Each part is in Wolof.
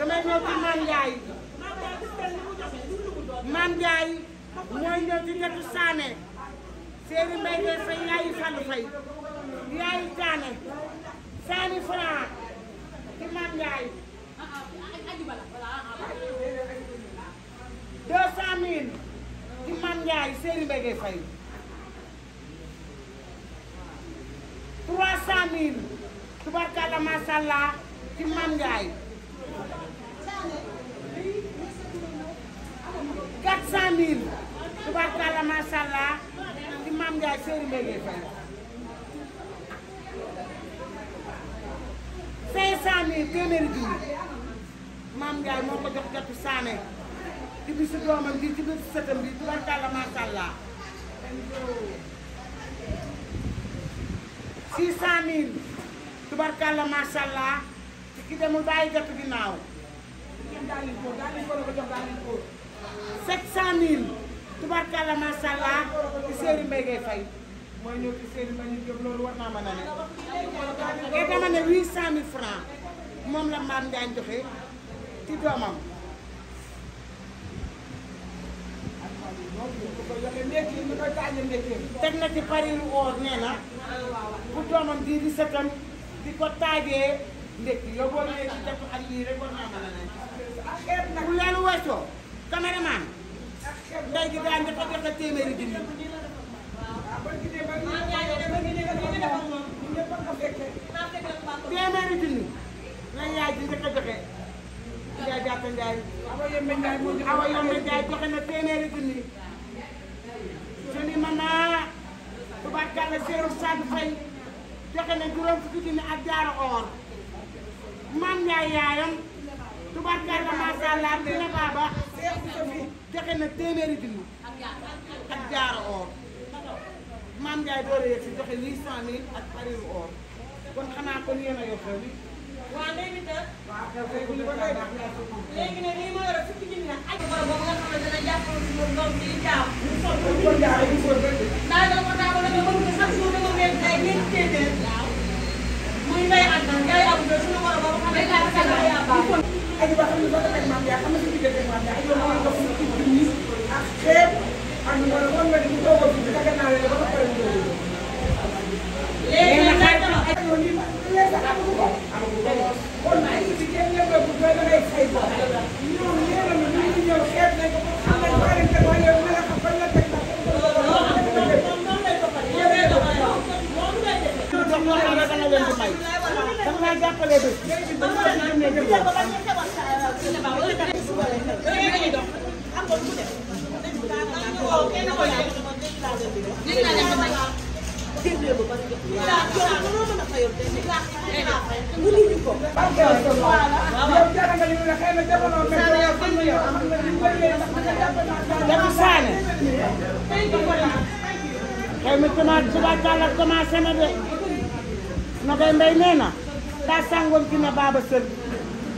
damay ñëw ci Mame Ndiaye Mame Ndiaye mooy ñëw ci Netu Sané Séeri Mbay de Fay yaayu Fallou Fay yaayu Sané Sané Franc ci Mame Ndiaye deux cent mille ci Mame Ndiaye Séeri Mbay de Fay trois cent mille tubarkalla masàllaa ci Mame Ndiaye cent mille tubaarkalla macha allah ci maam Ndiaye Seydou Mbengue Fall. cinq cent mille maam Ndiaye moo ko jox jotu saane ci bisu doomam bi ci bisu sëtam bi tubaarkalla macha allah. six cent mille tubaarkalla macha allah ki demul bàyyi jotu ginnaaw. 700000 tubarkalla macha allah ci Serigne Mbaye fay mooy ñëw ci Serigne Mbaye ñu jóg loolu war naa mën a ne. et doomam. teg na di di sëtam di ko taajee ndekki leen ci def ak lii rek war naa mën a ne. bu leen weesoo. caméraman ndey gi daañu dafa joxe téeméeri junni. téeméeri junni yaay ji njëkk a joxe. Ndiaye jàpp Ndiaye. Awa Yombe Ndiaye moo joxe Awa Yombe Ndiaye joxe na téeméeri junni. sëñ Mana tubaarkàlla Seydou Sadio Faye joxe na juróom fukki junni ak jaara or maam Ndiaye yaayam tubaarkàlla macha allah dina baaba. seex bu sa bi joxe na téeméeri junni ak jaara or maam Ndiaye door a yegg si joxe 800000 ak pariru or kon xanaa kon yéen a yor xew bi. waaw léegi nag. waaw xew xew bu ñu ko doy baax. léegi nag lii ma yor fukki junni la ak. wala boobu nga xam ne dana jàppale si moom doom bi jaaw. ñu soog ko jaaree ñu soog ko. daa doon ko daa ko doon ba mu ne sax suuf dama mel ay ñeenti téeméer. jàppale bés bi. ba pare ba ñu ko wax ci la a na jamono mel. yow daa sàngoon dina baaba sër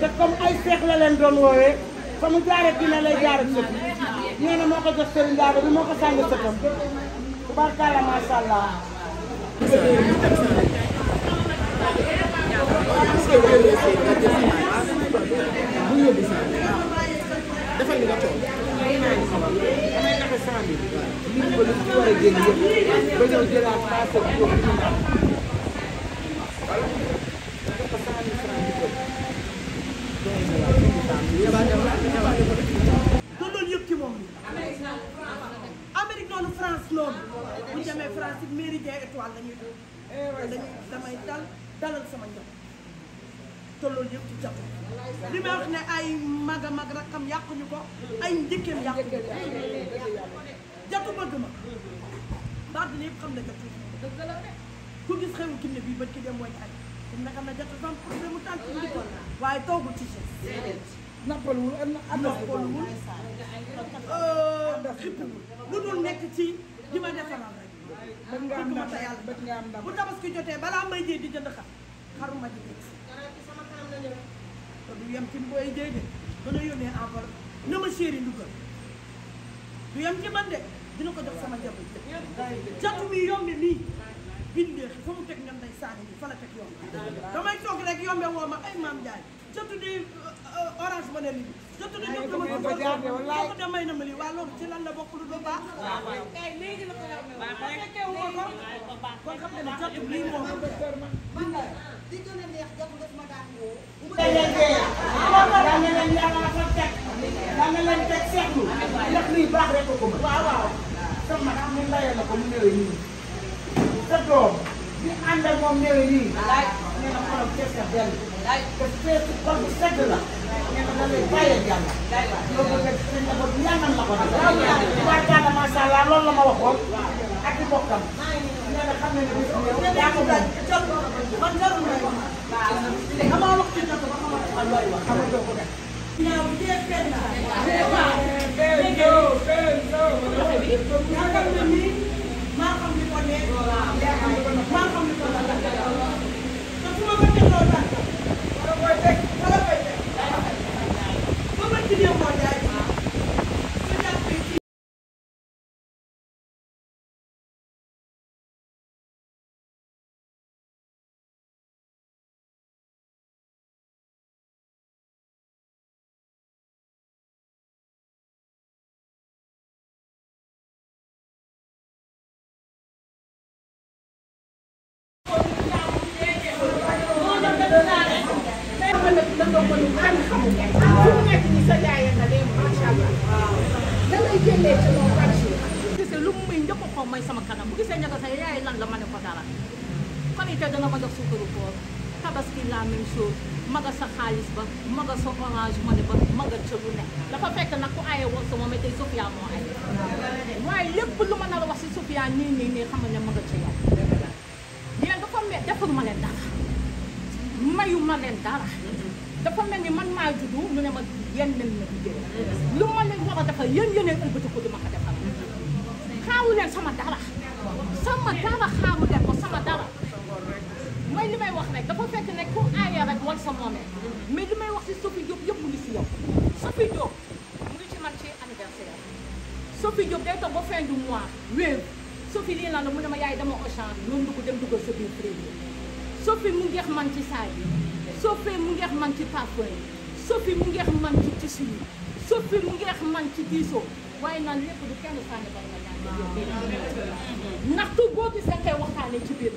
te comme ay seex leen doon woowee fa mu jaare dina lay jaare sët nee moo ko jox sëriñ daaba bi moo ko sàng sëtam tubaarkàlla macha allah. defal li nga toog may naa ni a génn kon loolu yëpp ci moom Amérique noonu France noonu bu ñu demee France it méridien étoile la ñuy dóor dañuy damay dal dalal sama njab te loolu yëpp ci jàpp li may wax ne ay mag a mag rakkam yàquñu ko ay njëkkeem yàquñu ko jatu bëgg ma baat bi yëpp xam na jatu ku gis xewu kinne bii bët ki dem woy aj dina xam ne jafe dafa am problème mu tànk mu dikkoon waaye toogu ci si nappaluwul nappaluwul euh, xippiwul dul nekk ci li ma defaral rek bëgg nga am ndam yàlla bëgg nga am ndam bu tabaski jotee balaa may jëy di jënd xar xaruma ji teg te du yem ci mbooy jëy de dana yónnee ma chéri ndugal du yem ci man de dina ko jox sama jabu jatu mi yomb nii bi fa la teg yomb damay toog rek yombe woo ma ay maam Ndiaye surtout di orange ma ne lii surtout di ñëpp dama ko ko damay na ma lii waa loolu ci lan la bokk lu du baax léegi la ko fekkee woo ko kon xam ne surtout lii moo man la di gën a neex jàpp nga ma daan woo dana leen yàlla fa teg dana leen teg seetlu ndax luy baax rek ko ko waaw waaw sama am ni mbayee la ko mu ñëwee nii sa doom ànd ak moom ñëwee nii nee na xolam fees na dell te feesu xol bu sedd la nee na da lay bàyyee yàlla loolu nag sa njaboot ñaanal la ko nag waa Talla macha allah loolu la ma waxoon ak i bokkam nee na xam na ne bis bu ñëw yaa ko gën man jarul may wax damaa wax ci jot ba xamal ko looy wax xamal ko def ñaaw jee fenn maa xam ni ko ne maa xam ni ko sama kanam bu gisee ne ko sa yaay lan la ma ne ko dara kon it dana ma jox suukaru koor tabaski la même chose maga xaalis ba maga sa orange ma ne ba maga ca lu dafa fekk nag ku aye woon sa tey Sofia moo ay waaye lépp lu ma nar a wax si Sofia nii nii nii ne maga ca yow yéen dafa mel defar ma leen dara mayu ma leen dara dafa mel ni man maa juddu ne ma yenn nen na bi lu ma leen war a defar yéen yéen ëlbatiku di ma ko defar xamu leen sama dara sama dara xamu li si Sophie Diop yëpp ci man ci anniversaire Sophie day toog ba fin du mois wéeru Sophie lii lan mu ne yaay dama Auchan loolu dugg dem duggal Sophie prévu Sophie mu ci saa yi Sophie mu ngeex man ci parfum yi Sophie mu ngeex man ci tissu yi Sophie mu ngeex man ci diisoo waaye naan lépp du kenn sànni bari nga ñaan ndax tout boo gis nga koy waxtaanee ci biir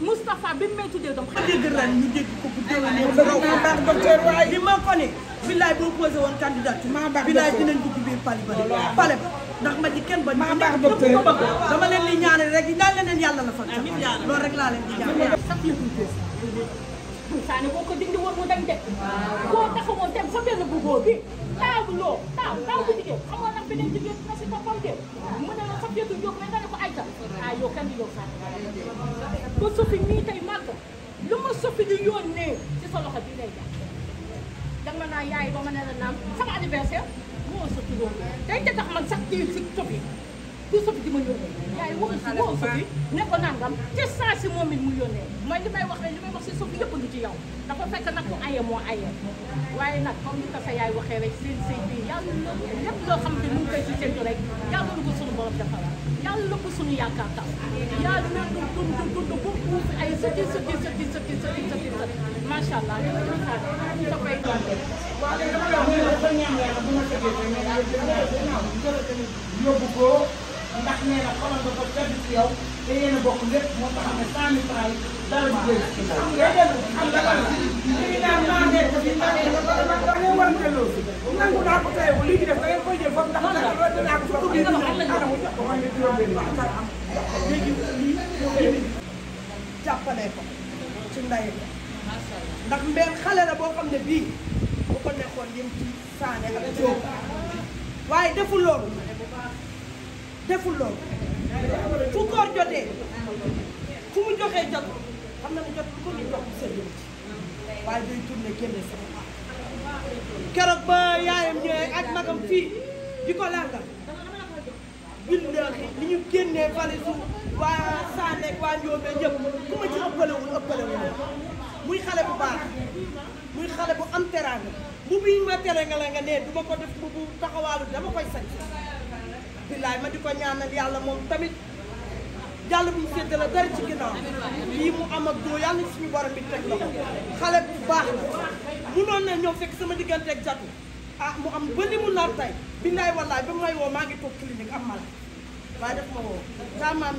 Moustapha bi mu may tuddee doom xam dégg lan ñu dégg ko bu déwénee maa baax docteur waaye li ma ko ne billaay boo posé woon candidat maa baax billaay dinañ dugg biir pale ba pale ba ndax ma di kenn ba maa baax docteur ko bëgg dama leen di ñaanal rek ñaan leen yàlla la fan loolu rek laa leen di ñaan sax li ñu gis Sané boo ko dindi woon mu dañ de koo taxawoon dem fa benn bugoo bi taaw bi loo taaw taaw bu jigéen xamoon nag beneen jigéen dina si toppam de mu ne la sa jëkk jóg mais nga ne ko ay ta ah yow kenn yow sax ba sofi mii tey màgg lu ma sofi di yónnee ci sa loxo bi lay jàpp danga naa yaay ba ma ne la naam sama anniversaire moo sofi loolu tey te tax man sax kii si sofi di ma yónnee yaay waxu si woo Sophie ne ko nangam te saa si moom it mu yónnee mooy li may wax rek li may wax si Sophie yëpp ngi ci yow dafa fekk nag ku aye moo aye waaye nag comme ni ko sa yaay waxee rek seen sëy bi yàlla na lépp loo xam ne mu ngi koy ci séntu rek yàlla na ko suñu borom defal yàlla na ko suñu yaakaar tax yàlla na dund dund dund bu buuf ay sëti sëti sëti sëti sëti sëti sëti macha allah li ma doon xaar da koy doon waaw dama la wax ne la ko ñaan yàlla bu ma tëjee yóbbu ko ndax nee na xamal nga ko tëdd ci yow te yéen a bokk lépp moo tax ne cent mille francs yi dara du génn. xam nga dégg nga xam nga lan la. lii daal maa ngi lay def lii maa ngi lay def ba pare da ngay war a mel noonu. nangu naa ko tey lii di def da ngeen koy jël foofu ndax dina ko dina ko jox ko. dina ko jox ko waaye dina ko jox ko am. léegi lii moo koy indi. jàppale ko ci ndey la. ndax mbéy xale la boo xam ne bii bu ko nekkoon yëm ci saane ak jóg waaye deful loolu deful loolu fu koor jotee fu mu joxee jot xam na mu jot lu ko ñu jox mu seetlu ci waaye day tourné génne sama baax keroog ba yaayam ñëwee ak magam fii di ko làngal bindaaxi li ñu génnee valisu waa Saane waa Ndiobe ñëpp ku ma ci ëppalewul ëppalewul muy xale bu baax muy xale bu am teraanga bu bii ma tere nga la nga nee duma ko def bu taxawaalu dama koy sañ Abdoulaye ma di ko ñaanal yàlla moom tamit yàlla bu ñu séddale dara ci ginnaaw lii mu am a doo yàlla suñu borom bi teg la ko xale bu baax la munoon na ñoom fekk sama diggante ak jatu ah mu am ba li mu nar tey billaay wallaay ba may woo maa ngi toog clinique am mal waaye def ma woo saa maam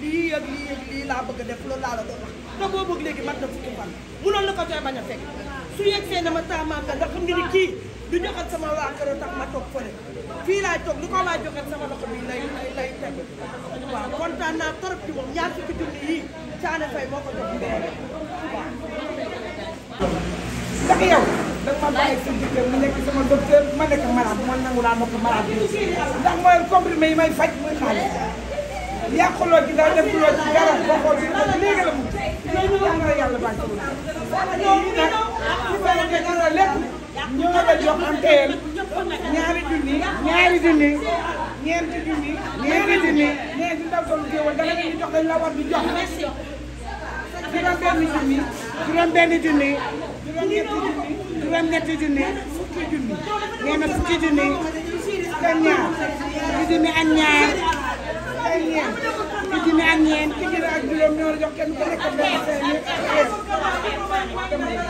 lii ak lii ak lii laa bëgg a def loolu laa la doon wax bëgg léegi mat na fukki fan munoon na ko tey bañ a fekk su yegsee na ma saa maam ndax xam nga ni kii du joxal sama waa kër tax ma toog fële fii laay toog lu ko waa joxal sama loxo bi lay lay teg waaw kontaan naa trop ci moom ñaar fukki junni yii Thiané Faye moo ko jox mbéy waaw. ndax yow danga ma bàyyi sa jëkkër mu nekk sama docteur ma nekk malade ma nangu laa ma ko malade ndax mooy comprimé yi may faj muy xaalis yàquloo ci dara la mu. ñoo la jox am teel ñaari junni ñaari junni ñeenti junni ñeenti junni ñeenti ndaw solo géwël danga ñu jox dañ la war di jox juróom benn junni juróom benn junni juróom ñetti junni juróom ñetti junni fukki junni nee na fukki junni ak ñaar fukki junni ak ñaar ak ñeent fukki junni ak ñeent fukki junni ak juróom ñoo la jox kenn ku nekk benn